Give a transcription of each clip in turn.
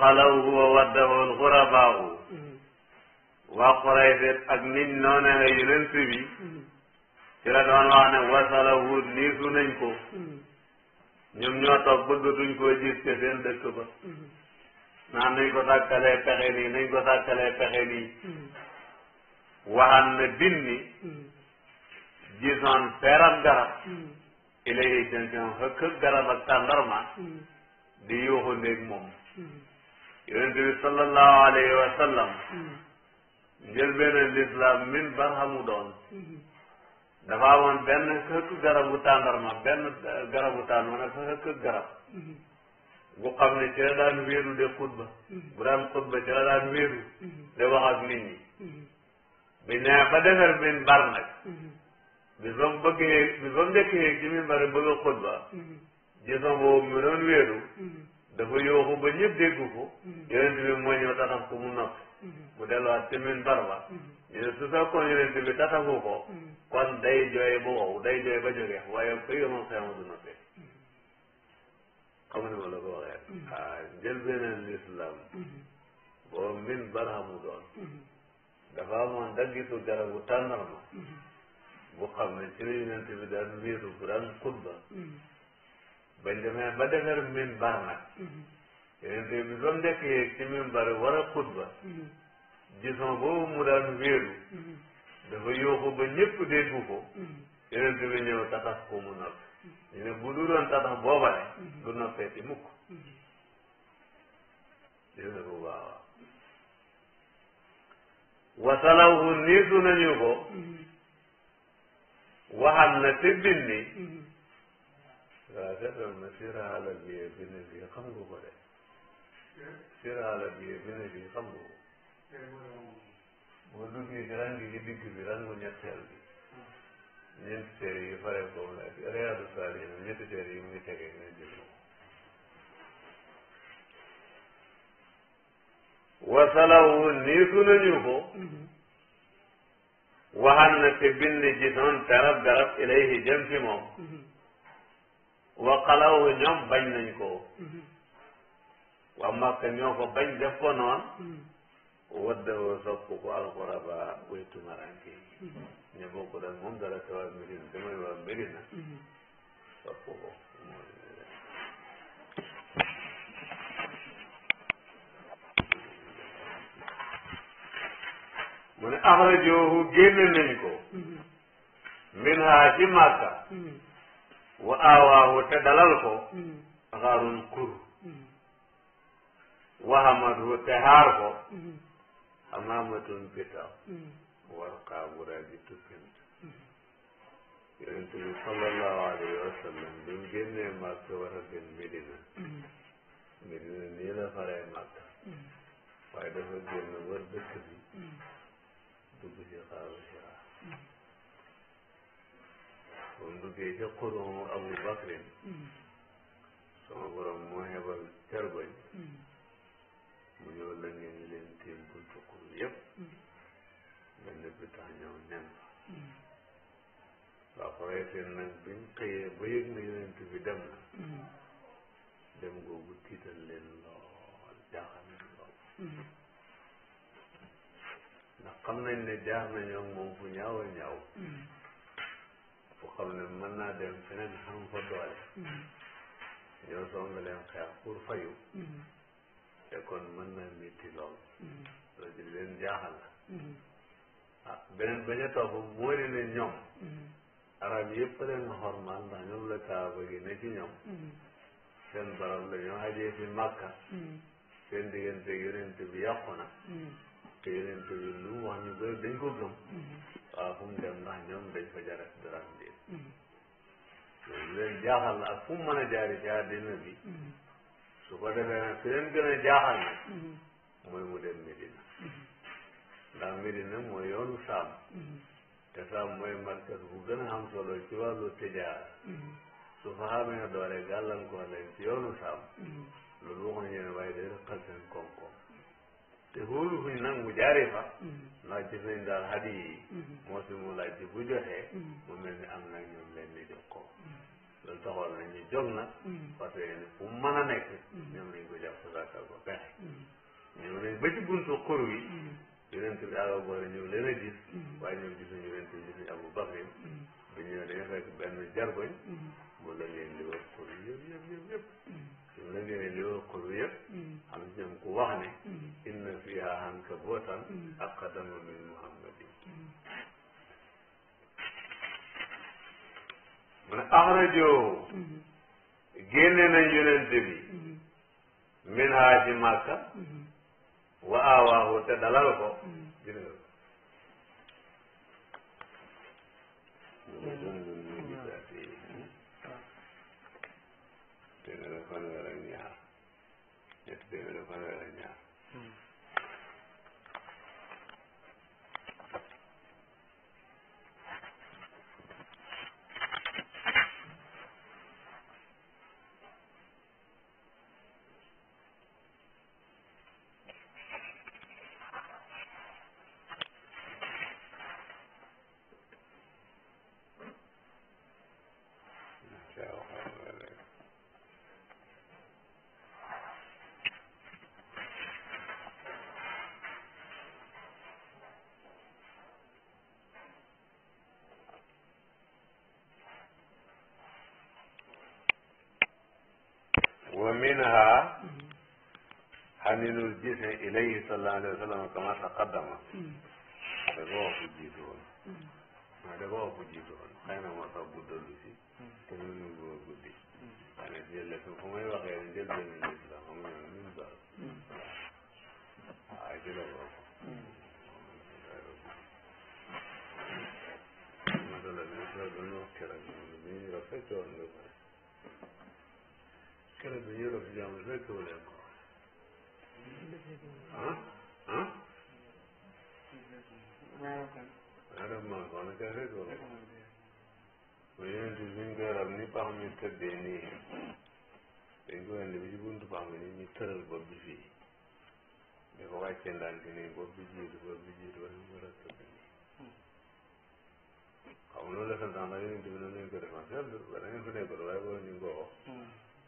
xalawhu wa waddahu alxurabaahu mm-hmm. waa Quraysh ak niñ noonee yonent bi mm-hmm. ci la doon wax ne wasalahu niisu nañ ko mm-hmm. ñoom ñoo toog bëggatuñ koo gis te seen dëkk ba naan nañ ko sàkkalee pexe nii nañ ko sàkkalee pexe nii waxaan na bin ni gisoon feerab garab ilayi seen seen xëkk garab ak tàndarma di yuuxu ndéeg moom yonent bi sallallahu alayhi wa sallam njëlbéen lislaam min barhamu doon dafa amoon benn xëkk garabu tàndarma benn garabu tàndarma dafa xëkk garab bu xam ne ci la daan wéeru de xutba bu daan xutba ci la daan wéeru de wax ak nit ñi biñ ne ba defar min bar nag bis ba mu bëggee bis ba mu njëkkee ci min bar bëgg a xutba gis nga boobu mu doon wéeru dafa yooxu ba ñëpp dégg ko mm-hmm. yonent bi moo ñëw taxaf ko mu noppi mm-hmm. mu delluwaat timin barba ñu ne su fekkoon yonent bi taxafu ko mm-hmm. kon day jooy ba wow day jooy ba jógee waaye ba yomal xeema du noppi xamu ma la ko waxee ah jël beneen lislaam boo min barhamu doon dafa amoon daggitu garabu tàndarma bu xam ne ci la yonent bi daan wéeru bu daan xutba bañ ba defar minbar nag mm-hmm. yonent bi ba mu nekk yeeg ci war a xutba mm-hmm. gison boobu mu daan wéeru mm-hmm. dafa yooxu ba ñëpp déggu ko yonent bi ñëw tatax ko mu noppi ñu ne bu du doon tatax boobale du noppee ci mukk dégg nga bu baax wasalawhu niisu nañu ko waxam na te bindi waaw seet loolu nag sira àll bi bi ne fii xam de sira àll bi bi ne fii xam nga ko bu duggee ci rang ci digg bi rangu ñetteel bi ñeenti téere yi fare ko nag Riyaadu Saalihiin ñetti téere yi muy tege nga jël ko wasalawu niisu nañu ko waxal na te bind ci doon darab darab ilayhi jëm ci moom waxalaw ñoom bañ nañ ko mhm. waa Màkka ñoo ko bañ def ko noon mhm. waddawoo soppu ko alxuraba way tumaranke yi ñu mhm. bokk daal moom dara te waa Medina damay waa Medina soppu ko mu ne axrajoohu génne ko min haa ci Màkka wa aawaahu te dalal ko mm. xaarun kur mm. wahamadu te xaar ko xamaamatun mm. bitaw warqaa bu raaji tuppint yonent bi sallallahu alayhi wa sallam bi mu génnee war a dem Medina Medina nii la faree màkk waaye dafa génn war dëkk bi dugg ci xaaru Hira ba mu duggee ca xuroomu Abu Bakrin hmm. sama borom moo hebal cerbañ hmm. mu ñëw la ngeen leen tiim buntu xur yépp hmm. benn bi ñëw nen waa Quraysin nag biñ xëyee ba yëg na yonent bi dem na dem googu tiital leen lool jaaxal leen lool ndax xam nañ ne jaax nañoo moom fu ñaaw ñaaw xam ne mën naa dem feneen xam fa doole ñoo mm-hmm. song leen xeex pour fayu mm-hmm. te kon mën na métti lool mm-hmm. loolu di leen jaaxal la ah beneen ba ca topp moo di ñoom arab yëpp leen xormaal ndax ñoom la kaaba gi ne ci ñoom seen barab la ñoo xajee bi yàqu na te yonent bi lu mu wax ñu bëri dañ ko gëm waaw fu dañ fa loolu leen jaaxal ak fu mu a jaari ci àddina bi su ko defee nag fi leen gën a jaaxal na mooy mu dem Medina ndax Medina mooy yoonu Saam te Saam mooy markas bu gën a am solo ci wàllu tijaara su fa xamee doole gàllankoor leen ci yoonu Saam loolu waxuñu ne waaye day rëqal seen koom te wóolu fu ñu nangu jaaree fa ndax gis nañ daal hadi moo si mu laaj bu joxee mu mel ni am nag ñoom leen di jox ko loolu taxoon na ñu jóg parce que yéen fu mu mën a nekk ñoom lañ ko jàpp ko pexe ñëw nañ ba ci buntu xur bi àlla ñëw leen a gis waaye ñoom gisuñu yonent bi gisuñu Abu Bakrin mm. bi ñëwee dañu fekk benn jargoñ mm. mu la leen li wax xur yi yëpp yëpp mm. ñu ne leen li woon mm. xur yëpp. am jëm ku wax ne. Mm. inna fiha ankabootan mm. aqdama min muhammadin. mu ne axrajoo. génne nañ yonent bi. min haaji Makka. wa aawaahu te dalal ko. este, pero para منها أن نرجعه إليه صلى الله عليه وسلم كما تقدم دغه فوجيته ما دغه فوجيته خاينا ما صبو دلوسي تنو نغو غودي أنا يعني جل سوف ما يوقع جل من الإسلام يعني من من دار عاجل الله مثلا مثلا بنوكر من رفته عن keroog bi ñuy doon si jàmm rek ko leen ko ah ah. maanaam maa ko wane kay rek ko wane. bu yéen ci suñ koy rab ni pax mi tëddee nii dañ ko indi bi ci buntu pax mi nii ñu tëral ko wàccee ndànk nii bopp bi jiitu bopp bi jiitu wala mu war a tëdd nii. xam nga loolu la sax daanaka yéen itamit noonu lañ ko defee seetlu ba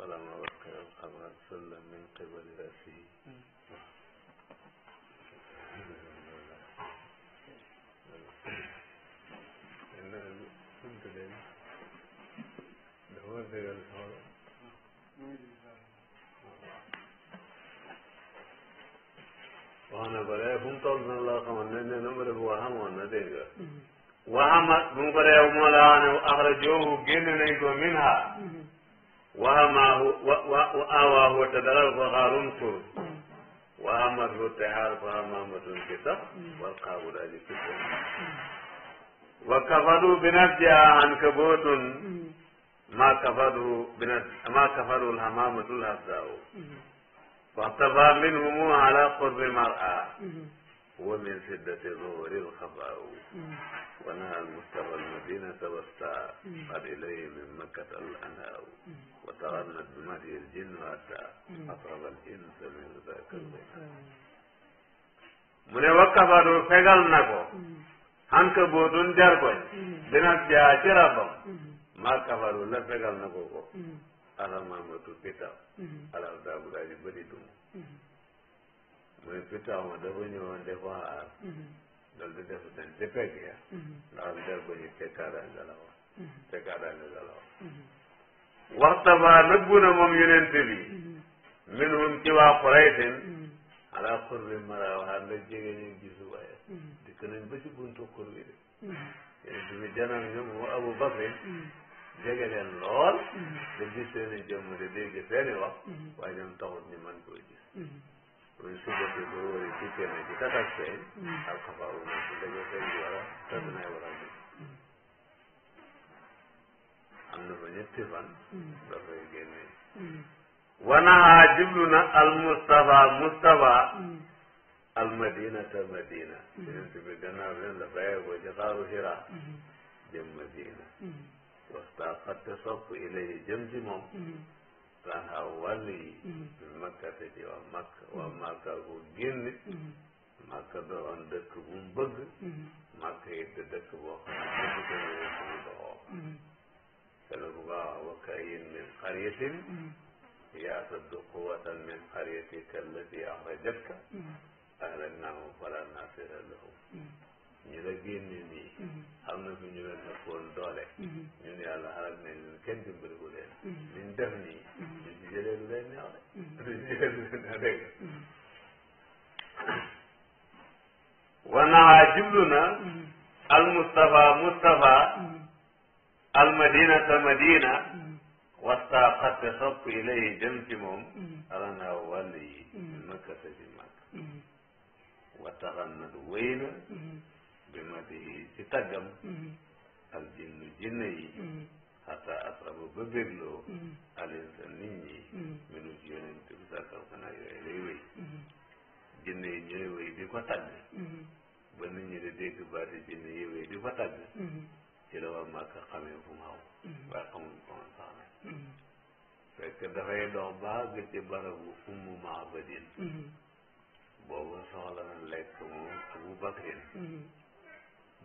فلما وقع القبر سلم من قبل رأسه وأنا أقول هم طلبنا الله كمان لأن نمر بوهم وانا ديجا وهم من بلاي ومولانا أخرجوه جنن منها wa ho ta dalar fahimtarun to wa hamar ho ta har fahimtarun ke ta walka guda ne kusa wa ka fado binatiya an ka ma ka fado hamamatul hasa'o ba min humu ala kurbin mar'a ومن سدة ظهور الخفاء ونهى المصطفى المدينة والساعة قد إليه من مكة الأنهاء وتغنت بمدي الجن حتى أطرب الإنس من ذاك mu ne wakkafatu fegal na ko hankabutun jargoñ dina jaa ci rabam maa kafaru la fegal na ko ko alamamatu kitab alal daabu daa ji bëri duma ci taw ma dafa ñëwoon defoon aar mhm. loolu du def dañ ci ya mhm. ndax du def ba ñu tekkaaraange la woon tekkaaraange la woon waxta ba nëbbu na moom yonent bi mhm. min hum ci waa Quraysin ala xurbi mara waxaar la jege ñu gisu waaye dikk nañ ba ci buntu xur bi de yonent bi janam ñoom mu Abu Bakrin jege leen lool da gis seeni jëmm de dégg seeni wax waaye ñoom taxut ñu mën koo gis min sifati gururi ci kenn ci tatak feeñ alxabaaru moom su dañoo feeñ bi wala tëdd ne wala bi am na ba ñetti fan dafay génne wanaha jiblu na al mm. mm. mustafa mustafa al madina ta madina yonent bi gannaaw leen la bàyyee ko ci xaaru hira jëm madina wasta fatte sopp ilahi jëm ci moom saha wàll yi min mm-hmm. makkate ci waa makka waa mm-hmm. makka ko génne mm-hmm. makka doon dëkk bu mu bëgg makka it dëkk boo xam ne bëgg ko ñu ko mu doxoo kene ku ko wax wa kayyin min qaryatin yaasuddu quwwatan min qaryatika allati axrajatka ahlaknaahum falaa naasira lahum ñu la génne nii am na fi ñu leen ëppoon doole ñu ne yàlla xaral nañ leen kenn dimbali bu leen liñ def nii ñu ci jëlee lu leen neex de lu ci jëlee lu leen neex de wanaa jublu na al mustafa mustafa al madinata madina wastaa xatte sopp ilay jëm ci moom alanaa wàll yi makkata ci màkk wataxan na du wéy na bi ma di ci taggam mm-hmm. al jinnu jinne yi xata mm-hmm. asraba ba bégloo mm-hmm. alin sa nit ñi minu ci yonent bi yooyu lay wéy jinne yi ñooy wéy di ko tagg ba nit ñi di dégg baati jinne yi wéy di ko tagg ci la war màkk xamee fu mu waaye xamuñ ko man sax nag fekk dafay dox ba àgg barabu ummu maabadin boobu soxla lekk moom Abu Bakrin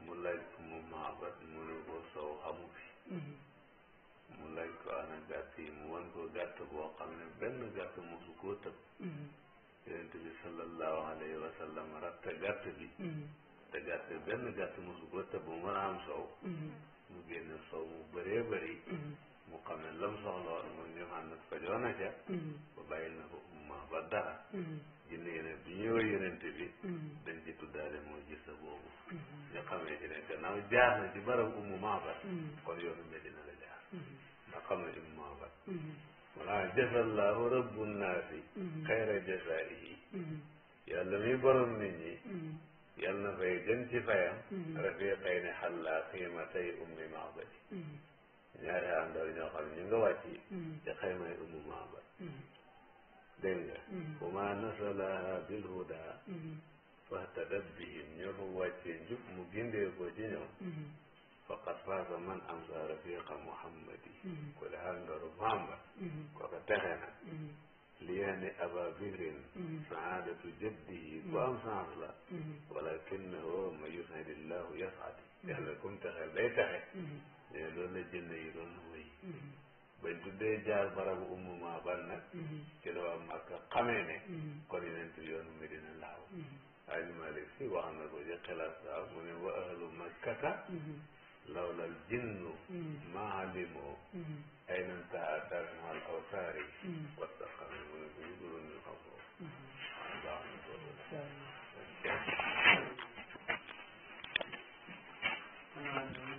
mu laaj ko mu maabat mu ne ko soow xamu fi mu laaj ko ana gàtt yi mu wan ko gàtt boo xam ne benn gàtt mosu koo tëb yonent bi sallallahu alayhi wa sallam ratta gàtt bi te gàtt benn gàtt mosu koo tëb mu mën a am soow mu génne soow mu bëree bëri mu xam ne lam soxla woon mu ñu xam ne fajoo na ca ba bàyyil na ko ma ba dara jinne mm-hmm. yeneen bi ñëw yenente bi dañ ci tuddaale mooy gisa boobu ñu mm-hmm. xamee ci ne gannaaw jaar na ci barab ummu maabat mm-hmm. kon yoonu medina la jaar ndax xam na ummu maabat wala jazallahu rabbu naasi xayra jazaihi yàlla mi borom nit ñi yàlla na fay gën ci fayam rafiqay ni xalla xiimatay ummi maabati ñaari àndaw ñoo xam ñu nga wàcc ci xaymay ummu maabat دنيا وما نزلها بالهدى فاهتدت به من هو تنجب مجند يقوتينه فقد فاز من أمسى رفيق محمد كل هانجر محمد وقتهنا ليان أبا بكر سعادة جده وأمسى أصلا ولكنه من يسعد الله يسعد يعني كنت خليتها يا لولا جنة يرون bañ tuddee jaar barabu ummu ma ban nag mhm. ci la waa Màkka xamee ne mhm. kon yeneen Medina laaw mhm. Aji Malik si wax na ko ci xilaas saa mu ne wa ahlu makkata lawlal jinnu ma alimoo ay nan taa dar mal awtaari watta xam ne mu ne ko ñu